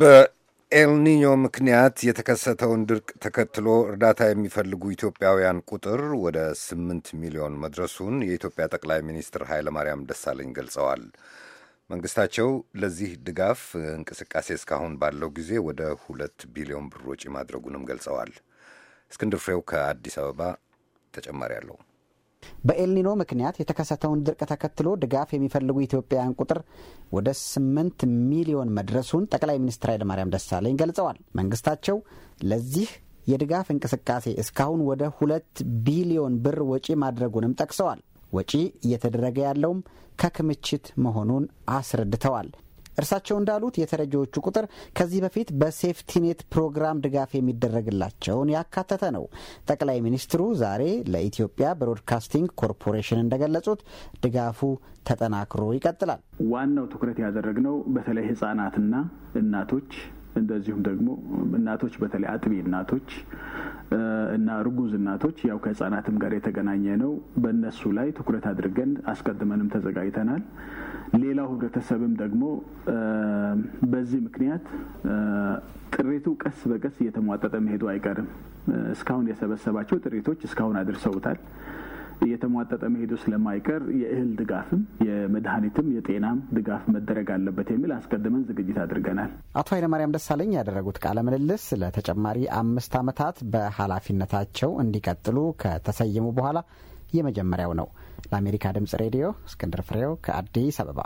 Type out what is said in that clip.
በኤልኒኞ ምክንያት የተከሰተውን ድርቅ ተከትሎ እርዳታ የሚፈልጉ ኢትዮጵያውያን ቁጥር ወደ ስምንት ሚሊዮን መድረሱን የኢትዮጵያ ጠቅላይ ሚኒስትር ኃይለማርያም ደሳለኝ ገልጸዋል። መንግስታቸው ለዚህ ድጋፍ እንቅስቃሴ እስካሁን ባለው ጊዜ ወደ ሁለት ቢሊዮን ብር ወጪ ማድረጉንም ገልጸዋል። እስክንድር ፍሬው ከአዲስ አበባ ተጨማሪ አለው። በኤልኒኖ ምክንያት የተከሰተውን ድርቅ ተከትሎ ድጋፍ የሚፈልጉ ኢትዮጵያውያን ቁጥር ወደ ስምንት ሚሊዮን መድረሱን ጠቅላይ ሚኒስትር ኃይለማርያም ደሳለኝ ገልጸዋል። መንግስታቸው ለዚህ የድጋፍ እንቅስቃሴ እስካሁን ወደ ሁለት ቢሊዮን ብር ወጪ ማድረጉንም ጠቅሰዋል። ወጪ እየተደረገ ያለውም ከክምችት መሆኑን አስረድተዋል። እርሳቸው እንዳሉት የተረጂዎቹ ቁጥር ከዚህ በፊት በሴፍቲኔት ፕሮግራም ድጋፍ የሚደረግላቸውን ያካተተ ነው። ጠቅላይ ሚኒስትሩ ዛሬ ለኢትዮጵያ ብሮድካስቲንግ ኮርፖሬሽን እንደገለጹት ድጋፉ ተጠናክሮ ይቀጥላል። ዋናው ትኩረት ያደረግነው በተለይ ህጻናትና እናቶች እንደዚሁም ደግሞ እናቶች በተለይ አጥቢ እናቶች እና እርጉዝ እናቶች ያው ከህጻናትም ጋር የተገናኘ ነው። በእነሱ ላይ ትኩረት አድርገን አስቀድመንም ተዘጋጅተናል። ሌላው ህብረተሰብም ደግሞ በዚህ ምክንያት ጥሪቱ ቀስ በቀስ እየተሟጠጠ መሄዱ አይቀርም። እስካሁን የሰበሰባቸው ጥሪቶች እስካሁን አድርሰውታል። እየተሟጠጠ መሄዱ ስለማይቀር የእህል ድጋፍም የመድኃኒትም የጤናም ድጋፍ መደረግ አለበት የሚል አስቀድመን ዝግጅት አድርገናል። አቶ ኃይለማርያም ደሳለኝ ያደረጉት ቃለ ምልልስ ለተጨማሪ አምስት ዓመታት በኃላፊነታቸው እንዲቀጥሉ ከተሰየሙ በኋላ የመጀመሪያው ነው። ለአሜሪካ ድምጽ ሬዲዮ እስክንድር ፍሬው ከአዲስ አበባ